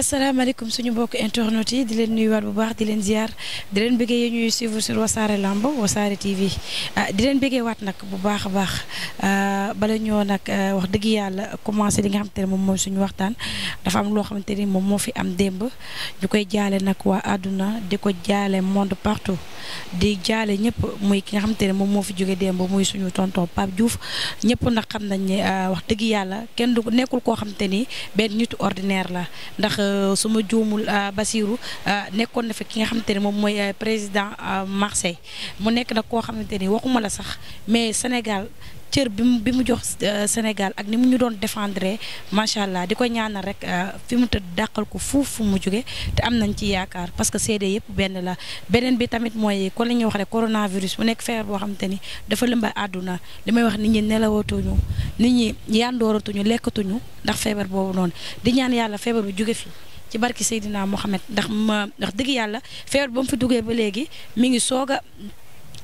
asalaamaaleykum suñu mbokk internet yi di leen nuy nuyuwaat bu baax di leen ziar di leen bëggee yéen ñuy suivre sur wasaare lamb wasaare TV ah di leen bëggee waat nag bu baax a baax ah, bala ñoo nag ah, wax dëgg yàlla commencé li nga xamante ne moom mooy suñu waxtaan dafa am loo xamante ni moom moo fi am démb ñu koy jaale nag waa àdduna di ko jaale monde partout di jaale ñëpp muy ki nga xamante ne moom moo fi jóge démb muy suñu tonton Pape Diouf ñëpp nag xam nañ ne ah, wax dëgg yàlla kenn du nekkul koo xamante ni benn nitu ordinaire la ndax. Euh, su ma juumul euh, Basirou euh, nekkoon na fi ki nga xamante ne moom mooy président Marseille mu nekk nag koo xamante ni waxuma la sax mais Sénégal cër bi mu bi mu jox euh, Sénégal ak ni mu ñu doon défendre macha allah di ko ñaanal rek euh, fi mu tëdd dàqal ko fuuf fu mu jóge te am nañ ci yaakaar parce que seede yëpp benn la beneen bi tamit mooy ko la ñuy wax rek coronavirus mu nekk feebar boo xam te ni dafa lëmba àdduna li may wax nit ñi nelawatuñu nit ñi yandooratuñu lekkatuñu ndax feebar boobu noonu di ñaan yàlla feebar bu jóge fi ci barki Seydina Mohamed ndax ndax dëgg yàlla feebar ba mu fi duggee ba léegi mu ngi soog a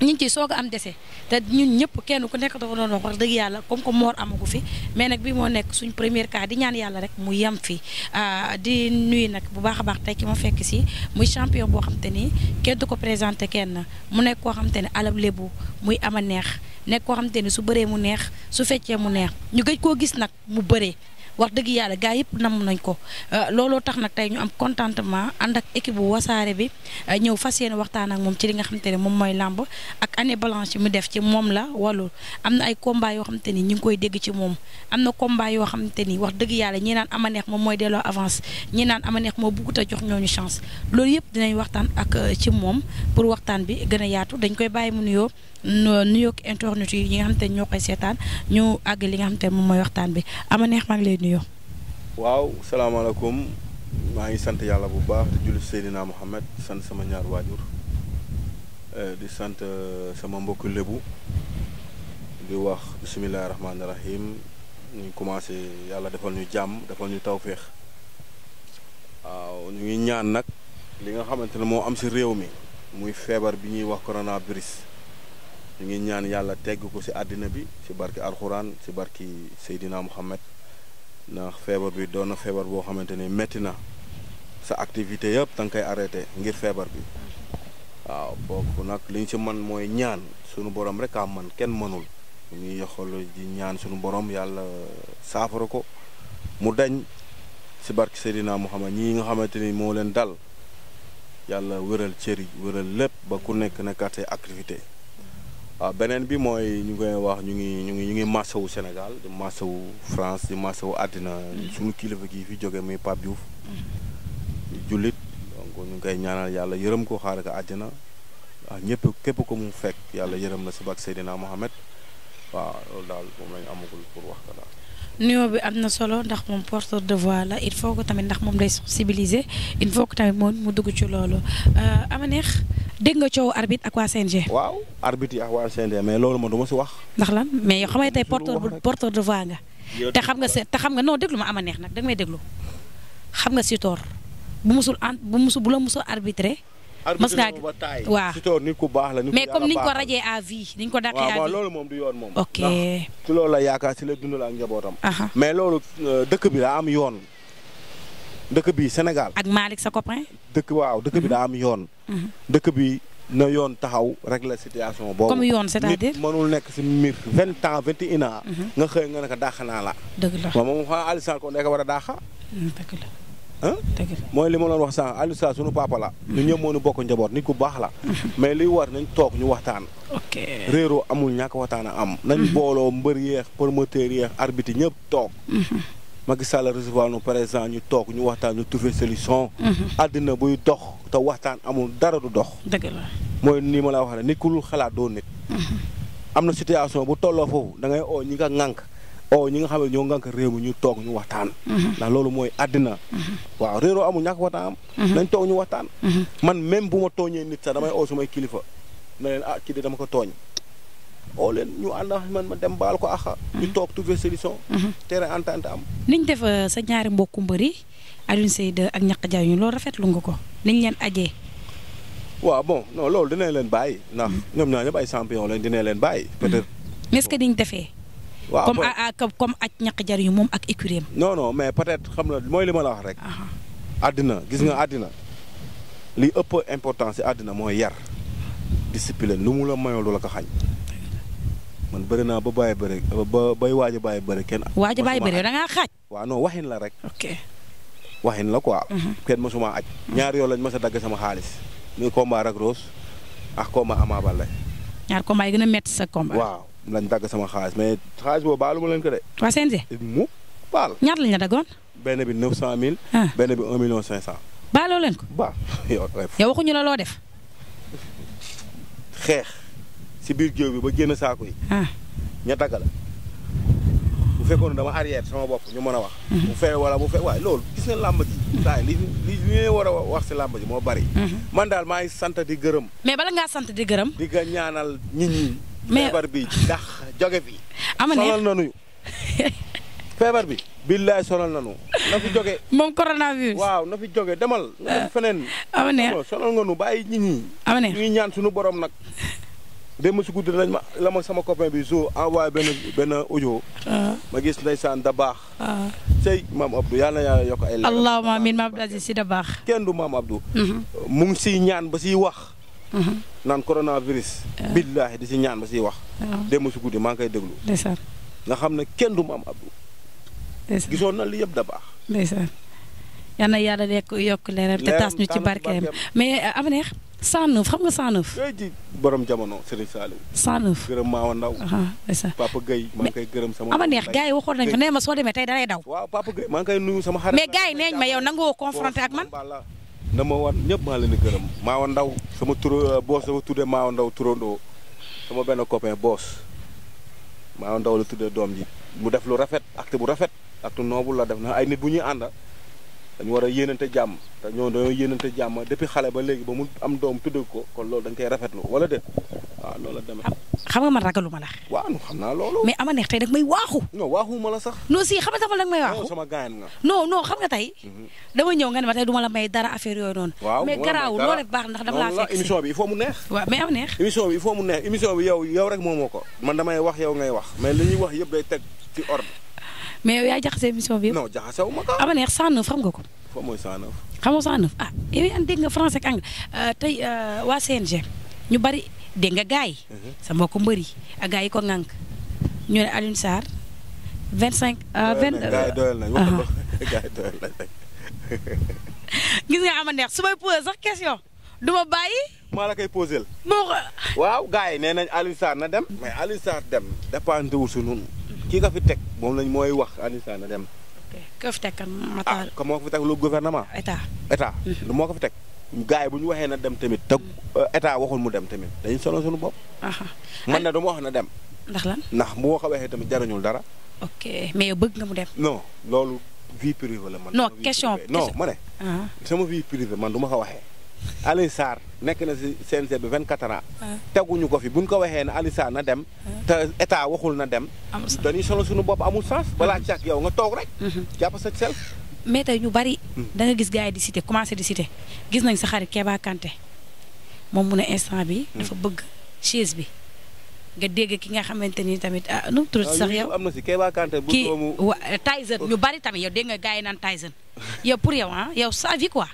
ñu ngi ciy soog a am dese te ñun ñëpp kenn ku nekk dafa doon wax wax dëgg yàlla comme que moor amagu fi mais nag bi moo nekk suñ première cas di ñaan yàlla rek mu yem fi ah, di nuyu nag bu baax a baax tey ki ma fekk si muy champion boo xam te ni kenn du ko présenté kenn mu nekk koo xam te ne alab lébu muy ama neex nekk koo xam te ni su bëree mu neex su feccee mu neex ñu gëj koo gis nag mu bëree wax dëgg yàlla gaa yëpp nam nañ ko euh, looloo tax nag tey ñu am contentement ànd ak équipe bu wasaare bi euh, ñëw fas yéene waxtaan ak moom ci li nga xamante ne moom mooy làmb ak année blanche mu def ci moom la walul am na ay combat yoo xamante ni ñu ngi koy dégg ci moom am na combat yoo xamante ni wax dëgg yàlla ñi naan ama neex moom mooy delloo avance ñi naan ama neex moo bëggut a jox ñooñu chance loolu yëpp dinañ waxtaan ak euh, ci moom pour waxtaan bi gën a yaatu dañ koy bàyyi mu nuyoo nuyoo internet yi nga xamante ni ñoo koy seetaan ñu àgg li nga xam te moom mooy waxtaan bi ama neex nuyu. waaw salaamaaleykum maa ngi sant yàlla bu baax di julli Seydina Mohamed sant sama ñaar waajur eh, di sant eh, sama mbokku lébu di wax bisimilah ñu commencé yàlla defal ñu jàmm defal ñu tawféex waaw ñu ngi ñaan nag li nga xamante ne moo am si réew mi muy feebar bi ñuy wax coronavirus ñu ngi ñaan yàlla tegg ko si àddina bi ci barki alxuraan si barki Seydina Mohamed. ndax feebar bi doon na feebar boo xamante ni métti na sa activité yëpp da nga koy arrêté ngir feebar bi waaw boobu nag liñ si man mooy ñaan sunu borom rek a man kenn mënul ñu yoxal ji ñaan sunu boroom yàlla saafara ko mu dañ si barke Seydina Muhammad ñii nga xamante ni moo leen dal yàlla wëral cëri wëral lépp ba ku nekk nekkaat say activité waaw ah, beneen bi mooy ñu koy wax ñu ngi ñu ngi ñu ngi massawu Sénégal di massawu France di massawu àddina mm. suñu kilifa gii fi joge muy Pape Diouf mm. jullit donc ñu ngi koy ñaanal yàlla yërëm ko xaare ko àddina waaw ah, képp ko mu fekk yàlla yërëm la si bak Seydina Mohamed waaw loolu daal moom lañu amagul pour wax ko daal nuyoo bi am na solo ndax moom porteur de voix la il faut que tamit ndax moom day sensibiliser il faut que tamit moom mu dugg ci loolu ah, ama neex dégg nga coow arbitre ak waa CNG. waaw arbitre yi ak waa CNG mais loolu ma du ma si wax. ndax lan mais yoo xam ne tey porteur porteur de voix nga. te xam nga te xam nga non déglu ma ama neex nag danga may déglu xam nga Sitor bu musul an bu musul bu la musul arbitré. mas naa waaw Sitor nit ku baax la. nit ku ko rajee à vie niñ ko dàqee à vie loolu moom du yoon moom. ok ki loolu la yaakaar si la dundal ak njabootam. mais loolu euh, dëkk bi daa am yoon. dëkk bi Sénégal. ak Malick sa copain. dëkk waaw dëkk bi daa am yoon. Mhm. dëkk bi na yoon taxaw rek la situation boobu. comme yoon c'est-à-dire nit nekk si mbir vingt ans vingt et un mhm. nga xëy nga ne ko dàq naa la. dëgg la moom moom xanaa Aliou ko nekk war a dàqa. Mhm, dëgg la. mooy li ma doon wax sànq Aliou Sall sunu papa la. ñu moo ñu bokk njaboot nit ku baax la. mais liy war nañ toog ñu waxtaan. ok réeroo amul ñàkk waxtaan a am. nañ mbooloo mbër yeex promoteur yeex arbitre ñëpp toog. Macky Sall recevoir nu président ñu toog ñu waxtaan ñu trouver solution. Mhm. àddina buy dox te waxtaan amul dara du dox. dëgg ni ma la wax ne nit ku dul xalaat mhm. am na situation bu tolloo foofu da ngay oo ñi nga ŋànk oo ñi nga xam ne ñoo ŋànk réew mi ñu toog ñu waxtaan. Mhm. ndax loolu mooy àddina. waaw réeroo amul ñàkk waxtaan am. nañ toog ñu waxtaan. man même bu ma tooñee nit sax damay oo sumay kilifa na leen ah kii de dama ko tooñ. oo leen ñu ànd ax man ma dem baal ko axa mhm. ñu toog trouver solution. Mhm. terrain entente am. niñ def euh, sa ñaari mbokku mbëri Alioune Seye ak ñaq jaay ñu loolu rafetlu nga ko niñ leen ajee. waaw bon non loolu dinañ leen bàyyi ndax ñoom ñoo ñëpp ay champion lañ dinañ leen bàyyi mhm. peut-être. mais est-ce que niñ defee. waaw comme comme comme ak ñaq jar yu moom ak écurie non non mais peut-être xam na mooy li ma la wax rek. àddina gis nga àddina li ëpp importance si àddina mooy yar discipline lu mu la mayoo lu la ko xañ. man bëri naa ba bàyyi bëri ba bay waaj a bàyyi kenn. waaj a bàyyi da ngaa xaaj. waaw non waxin la rek. ok waxin la quoi. Mhm. kenn mosuma aj mhm. ñaar yoon lañ mos a dagg sama xaalis. muy combat Lac Rose ak combat Ama Baldé. ñaar combat yi gën a sa combat. waaw lañ dagg sama xaalis mais xaalis boobu baalu ma leen ko de. waa CNG. Eh, mu benn bi 900000. Ah. benn bi 1 million 500. baaloo leen ko. ba yow waxuñu la loo def. xeex. si biir géew bi ba génn saako yi. Ah. ña dagg la. bu fekkoon dama arrière sama bopp ñu mën a wax. Mm-hmm. bu fee wala bu fee waaye loolu gis nga làmb ji. saa li war a wax si làmb moo bari. Mm-hmm. man daal maa ngi sant di gërëm. mais bala ngaa sant di gërëm. di ñaanal nit ñi. mais feebar bi ndax joge fi. amoon feebar bi. billaay sonal nañu na fi joge. moom coronavirus. waaw na joge demal. nga ah. def feneen. amoon sonal nga nu bàyyi nit ñi. amoon ñuy ñaan suñu borom nag. démb si guddi lañ ma la ma sama copain bi zo envoyé benn benn audio. Ah. ma gis ndeysaan da baax. Ah. sey maam Abdou yal na yàlla yokk ay. allahumma amiin maam Abdou Aziz si da baax. kenn du maam Abdou. Mhm. mu ngi siy ñaan ba siy wax. Mhm. naan coronavirus. Ah. billaahi di si ñaan ba siy wax. démb si guddi maa ngi koy déglu. ndeysaan nga xam ne kenn du maam Abdou. gisoon na li yëpp da baax. yal na yàlla lekk yokk leeram te taas ñu ci barkeem mais euh, am 109 xam nga 109. yooyu borom jamono Serigne Saliou. 109 gërëm Maawa Ndaw. Papa Gueye maa ngi koy gërëm sama. ama neex gars yi waxoon nañu nee ma soo demee tey dalay daw. waaw Papa Gueye maa ngi koy nuyu sama. xarit mais gars yi neeñ ma yow nangoo confronté ak man. na ma wan ñëpp maa leen di gërëm. Maawa Ndaw sama tur boos sama tuddee Maawa Ndaw turandoo sama benn copain boos Maawa Ndaw la tuddee doom ji mu def lu rafet acte bu rafet acte noble la def na ay nit bu ñuy ànda dañu war a yéenante jàmm te ñoo jàmm depuis xale ba léegi ba mu am doom tudd ko kon loolu dañ koy rafetlu wala déet waaw loolu la demee. xam nga man ragalu ma la. waaw xam naa loolu. mais ama neex tey nag may la sax. non xam nga sama nag may waaxu. xam nga tey. Mhm. dama ñëw nga ne ma tey du ma la may dara affaire yooyu noonu. mais garaaw loolu rek baax ndax dama laa fekk si émission bi il faut mu neex. waaw mais am neex. émission bi il faut mu neex émission bi yow yow rek moomoo ko. man damay wax yow ngay wax. mais li ñuy wax yëpp day teg ci ordre mais yow yaa jaxase émission bi yëpp. non jaxasewu ma ko. Amanekh 109 xam nga ko. fa mooy xam xamoo 109 ah yow yaa dégg nga français ak euh, tey euh, waa CNG ñu bari dégg nga gars yi. Mhm. sa mbokku mbër yi ak gars yi ko ŋànk ñu ne Alioune euh, nañ wax gars yi doyal nañ ah. su may posé sax question du ma bàyyi. maa la koy posé. moo ko. waaw gars yi nee nañ Alioune na dem. mais Alioune dem dépendre wul si noonu. kii nga fi teg moom lañ mooy wax Anissa na dem. ok koo fi ah, moo ko fi teg lu gouvernement. état mhm. moo ko fi teg. gars yi bu ñu waxee na dem tamit te mhm. euh, état waxul mu dem tamit dañu solo suñu bopp. man na dama wax na dem. ndax lan ndax mu wax ko waxee tamit jarañul dara. ok mais yow bëgg na mu dem. non loolu vie privée la man. non question non ma ne. Ah. sama vie privée man du ma ko waxee. Aliou Sarr nekk na si CNG bi 24 ans. teguñu ko fi buñ ko waxee ne Aliou na dem. te état waxul na dem. dañuy solo suñu bopp amul sens. Mm-hmm. balaa càkk yow nga toog rek. Mm-hmm. jàpp sa sel. mais tey ñu bari. Mm. da nga gis gaa yi di cité commencé di cité gis nañ sa xarit Keba Kanté moom mu ne instant bi mm. dafa bëgg chaise bi. nga dégg ki nga xamante ni tamit ah nu mu ah, sax yow am na si Kéba Kanté bu doomu Tyson ñu bari tamit yow dégg nga gars yi naan Tyson yow pour yow ah yow sa vie quoi.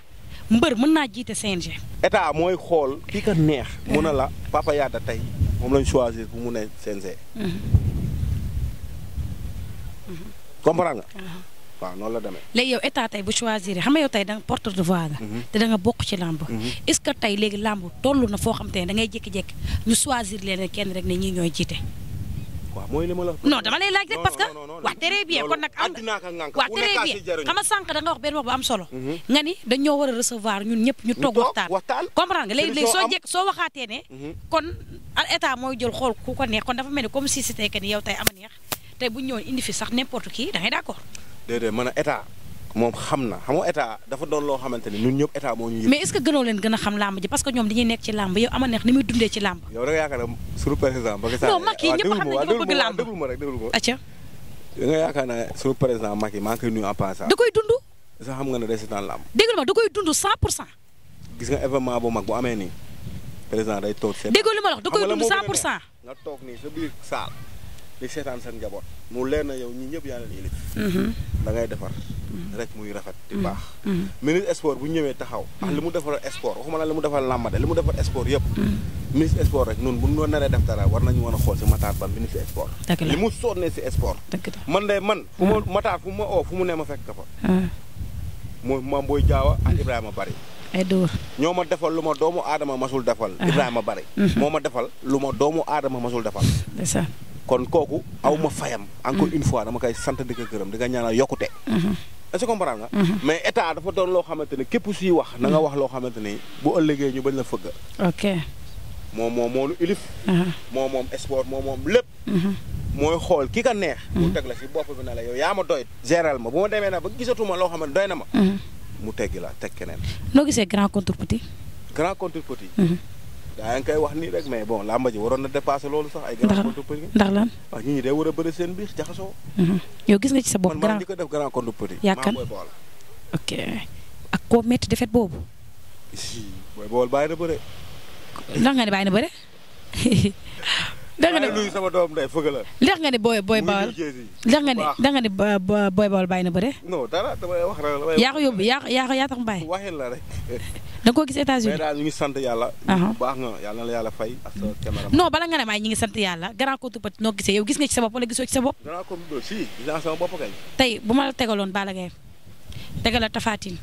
mbër mën naa jiite CNG. état mooy xool ki ko neex. mun a la Papa Yada tey moom lañ choisir bu mu ne CNG. comprendre nga. Uh-huh. waaw noonu la demee. léegi yow état tey bu choisir xam nga yow tey da nga porte de voix la. Uh-huh. te da nga bokk ci làmb. Uh-huh. est-ce que tey léegi làmb toll na foo xam te ne da ngay jékki-jékki ñu choisir leen kenn rek ne ñii ñooy jiite. waaw mooy li dama lay laaj rek parce que. waaw très bien kon nag am na waaw très bien xam nga sànq da nga wax benn wax bu am solo. Mhm. nga ni dañoo war a recevoir ñun ñëpp ñu toog waxtaan. comprendre nga léegi léegi soo jekk soo waxaatee ne. Mhm. kon état mooy jël xool ku ko neex kon dafa mel ni comme si c'était que ni yow tey ama neex tey bu ñu ñëwoon fi sax n'importe qui da ngay d'accord. déedéet man moom xam na xam nga état dafa doon loo xamante ni ñun ñëpp état moo ñu. mais est-ce que gënoo leen gën a xam làmb ji ne ma rek déglu ma. acca da nga yaakaar ne koy nuyu en passant. da koy dund. sax xam bu mag bu amee nii président day toog seetaan. déglu da koy dund 100 pour cent. sa biir seen njaboot mu leer na yow ñi ñëpp yaa leen yële mhm. da ngay defar Mm. rek muy rafet di mm. baax mm. ministre sport bu ñëwee taxaw ak li mu defal sport waxuma la li mu defal làmb de li mu defal sport yëpp ministre sport rek noonu bu ñu naree def dara war nañu woon a xool si Matar Ba ministre sport li mu sonnee si sport man de ma Matar fu ma oo fu mu ne ma fekk ka fa ah. mooy Mame Boye Diao ak Ibrahima Bari ay ma defal lu ma doomu aadama masul defal ah. Ibrahima Bari mm-hmm. moo ma defal lu ma doomu aadama masul defal kon kooku aw ma fayam encore une fois dama koy sant di ko gërëm di ko ñaanal est-ce que comprendre nga. Mhm. mais état dafa doon loo xamante ne képp suy wax na nga wax loo xamante ne bu ëllëgee ñu bañ la fëgg. ok moom moom moo nu ilif. Mhm. moom moom sport moom moom lépp. Mhm. mooy xool ki ka neex. mu teg la si bopp bi na la yow yaa ma doy. géral ma bu ma demee nag ba gisatuma loo xam ne doy na ma. mu teggi la teg keneen. noo gisee grand contre petit. yaa ngi koy wax nii rek mais bon làmba ji waroon na dépassé loolu sax ay. ndax ndax lan wax war a bëri seen biir jaxasoo. Mhm. yow gis nga ci sa bopp grand man maa ngi ko def grand contre petit. yaakaar ok ak boobu. booy bool bàyyi na bëre. ndax nga ne bàyyi na doom day fëgg la. leex nga ne booy booy bawal leex nga ne danga ne booy bawal bàyyi na bëre. non dara damay wax rek. yaa ko yóbbu yaa ko yaa tax mu da ko gis États-Unis. mais daal ñu ngi sant yàlla. bu bala nga ne maay ñu ngi sant yàlla grand contre petit noo gisee yow gis nga ci sa bopp wala gisoo ci sa bopp. bu ma la tegaloon Balla Gaye tegala Tafatine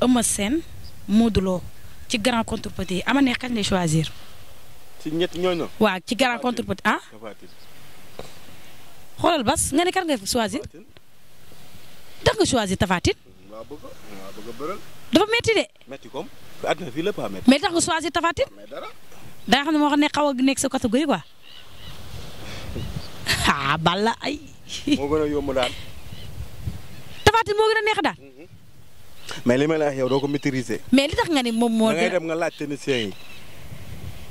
Eumeu Sène Modou Lo ci grand contre petit ama ne kañ lay choisir. ci ñett ñooñu. waaw ci grand contre petit ah? xoolal bas nga ne kan nga choisir. tax nga choisir Tafatine. a bëgg a dafa métti de. métti comme àddina fii lépp a métti. mais tax nga choisir Tapha da nga ne moo xam ne xaw a nekk sa catégorie quoi. Ah, bala ay. moo gën a yomb daal. Tapha Tine moo gën a neex daal. Mhm. mais li may la yow doo ko maîtriser. mais li nga ni moom moo. da ngay dem nga laaj technicien yi.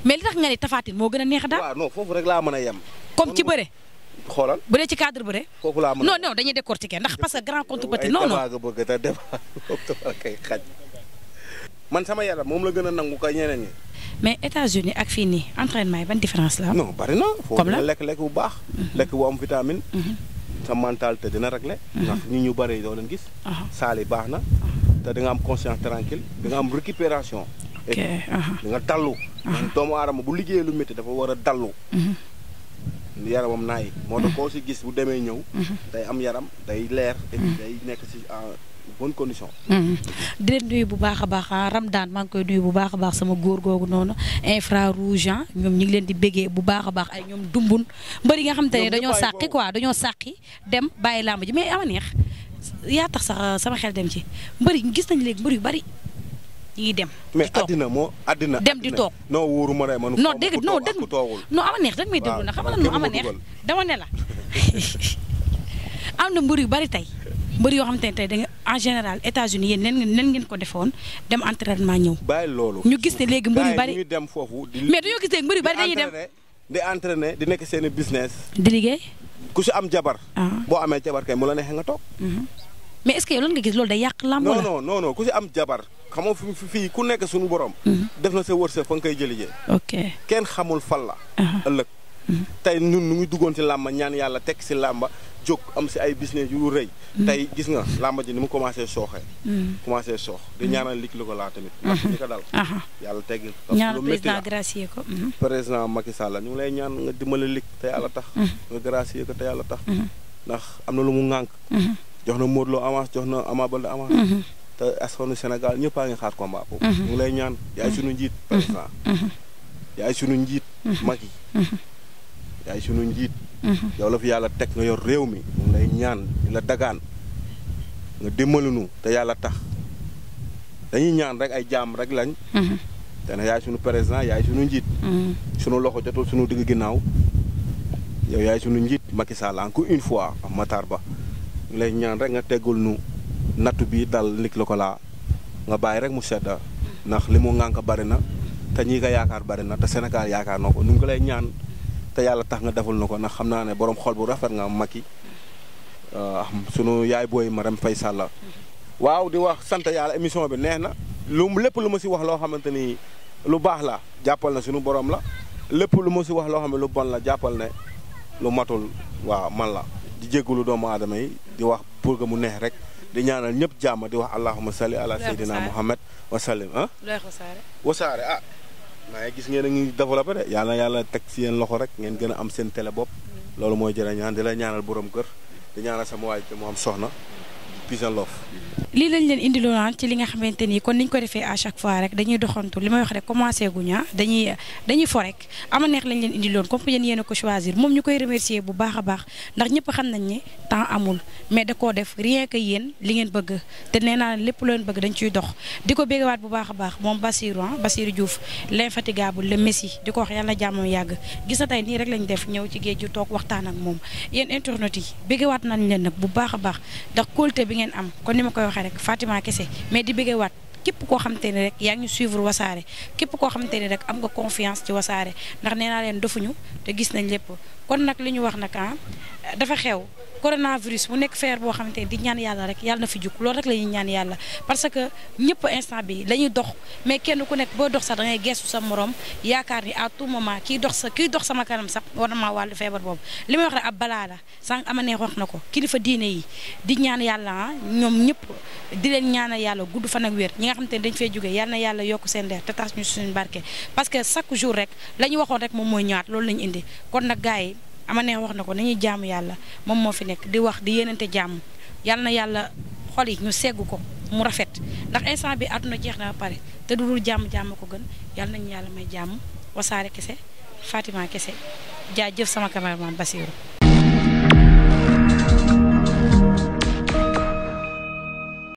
mais li nga ni Tapha moo gën a neex daal. waaw non rek laa mën a yem. comme ci bëre. xoolal bu dee ci cadre bu dee. kooku laa mën non non dañuy décortiquer ndax parce que grand man sama yàlla moom la gën a nangu kay ñeneen ñi. mais États-Unis ak fii nii entraînement yi ban différence la non bari na foofu la lekk lekk bu baax. Mhm. lekk bu am vitamine. Mhm. sa mentalité dina réglé. Mhm. ndax ñi ñu bari doo leen gis. saal yi baax na. te danga nga am conscience tranquille da nga am récupération. ok da nga dallu. doomu aadama bu liggéeyee lu métti dafa war a dallu. yaramam naay. moo tax koo si gis bu demee ñëw. Mhm. day am yaram day leer. Mhm. day nekk si en bonne condition. Mhm. di leen nuyu bu baax a baax ah, Ramdaan maa ngi koy nuyu bu baax a baax sama góor googu noonu infra rouge ah, ñoom ñu ngi leen di bégee bu baax a baax ay ñoom dumbun mbëri nga xam te ne dañoo sàqi quoi dañoo sàqi dem bàyyi làmb ji mais ama neex yaa tax sax sama xel dem ci mbëri gis nañ léegi mbëri yu bari ñuy dem. mais addina moo àddina dem di toog. non wóoru ma ne ma nu. non dégg non dégg non ama neex rek may déglu xam nga nu ama neex dama ne la am na mbër yu bari tey mbër yoo xam te ne tey da nga en général États-Unis yéen nen ngeen ngeen ko defoon dem entraînement ñëw. bàyyi loolu ñu gis ne léegi mbër yu bari ñu dem foofu di mais dañoo gis ne mbër yu bari dañuy dem di nekk seen business. di liggéey. ku si am jabar. Ah. boo amee jabar kay mu la neexee nga toog. Mhm. mais est-ce que yow lan nga gis loolu day yàq làmb la non non ku si am jabar xam fi fii ku nekk suñu borom. Mhm. def na sa wërsëg fa nga koy jëlijee. ok kenn xamul fan la. Uh-huh. ëllëg. Mhm. tey ñun nu ngi duggoon ci làmba ñaan yàlla tekk si làmba jóg am si ay business yu rëy. Mhm. tey gis nga làmba ji ni mu commencé sooxee. commencé soox di ñaanal ligg lu ko laa tamit. ndax li uh-huh. ko dal. Uh-huh. yàlla teggil. ñaanal président gracier ko. président Macky Sall ñu ngi lay ñaan nga dimbali ligg te yàlla tax. nga gracier ko te yàlla tax. ndax am na lu mu ŋànk. jox na Modou Lo avance jox na Ama Baldé avance. Mhm. te askanu Sénégal ñëpp a ngi xaar combat boobu. Mhm. ñu lay ñaan yaay sunu njiit mhm. président. yaay sunu njiit. mag yaay sunu njiit. yow la fi yàlla teg nga yor réew mi ñu lay ñaan la dagaan nga dimbali nu te yàlla tax dañuy ñaan rek ay jaam rek lañ. te ne yaay sunu président yaay sunu njiit. sunu loxo jotul sunu digg ginnaaw yow yaay sunu njiit Macky Sall encore une fois am Matar Ba. lay ñaan rek nga teggul nu nattu bi dal lig la ko laa nga bàyyi rek mu sedda ndax li mu ŋànk bari na te ñi ko yaakaar bari na te yaakaar na ko nu ngi ko lay ñaan te yàlla tax nga deful na ko ndax xam naa ne borom xol bu rafet nga Macky ah, sunu yaay booy Marème Faye Sall waaw di wax sant yàlla émission bi neex na lu lépp lu ma si wax loo xamante ni lu baax la jàppal na sunu borom la lépp lu ma si wax loo xam ne lu bon la jàppal ne lu matul waaw man la di jégalu doomu aadama yi di wax pour que mu neex rek di ñaanal ñëpp jàmm di wax allahuma salli ala sayyidina muhammad wa sallim ah wasaare ah maa ngi gis ngeen a ngi développé de yàlla yàlla teg si yéen loxo rek ngeen gën a am seen télé bopp mm. loolu mooy jërë ñaan ah. di la ñaanal boroom kër di ñaanal sama waaj te mu am soxna peace and love. lii lañ leen indiloon ah ci li nga xamante ni kon niñ ko defee à chaque fois rek dañuy doxantu li may wax rek commencé guña ah dañuy dañuy fo rek lañ leen indiloon comme que yéen yéen a ko choisir moom ñu koy remercier bu baax a baax ndax ñëpp xam nañ ne temps amul mais da koo def rien que yéen li ngeen bëgg te nee naa lépp loo leen bëgg dañ ciy dox di ko béggawaat bu baax a baax moom Bassirou ah Bassirou Diouf l'infatigable le messi di ko wax yàlla jàmmam yàgg gis na tey nii rek lañ def ñëw ci géej ju toog waxtaan ak moom yéen internautes yi béggawaat nañ leen nag bu baax a baax ngeen am kon ni ma koy waxee rek Fatima kese mais di bëggee waat képp koo xamante ni rek yaa ngi suivre wasaare képp koo xamante ni rek am nga confiance ci wasaare ndax nee naa leen dofuñu te gis nañ lépp kon nag li ñu wax nag ah dafa xew coronavirus mu nekk feer boo xamante ni di ñaan yàlla rek yàlla fi jug ñaan yàlla parce que ñëpp instant bi la dox mais kenn ku nekk boo dox sax da ngay geesu sa morom yaakaar ni à tout moment kiy dox sa kiy dox sama kanam sax war na maa wàllu feebar boobu li may wax rek ab balaa la sànq ama neex wax na ko kilifa diine yi di ñaan yàlla ah, ñoom ñëpp di leen ñaanal yàlla gudd fan ak wér ñi nga xam te ne dañ fay jógee yal na yàlla yokk seen leer te tas ñu suñu barke parce que chaque jour rek la ñu waxoon rek moom mooy ñëwaat loolu la ñu indi kon nag gars yi ama wax na ko nañuy jaamu yàlla moom moo fi nekk di wax di yéenante jàmm yal na yàlla xol yi ñu segg ko mu rafet ndax instant bi àdduna jeex na pare te du dul jàmm-jàmm ko gën yal nañu yàlla may jàmm wasaare kese Fatima kese jaajëf sama cameraman Basirou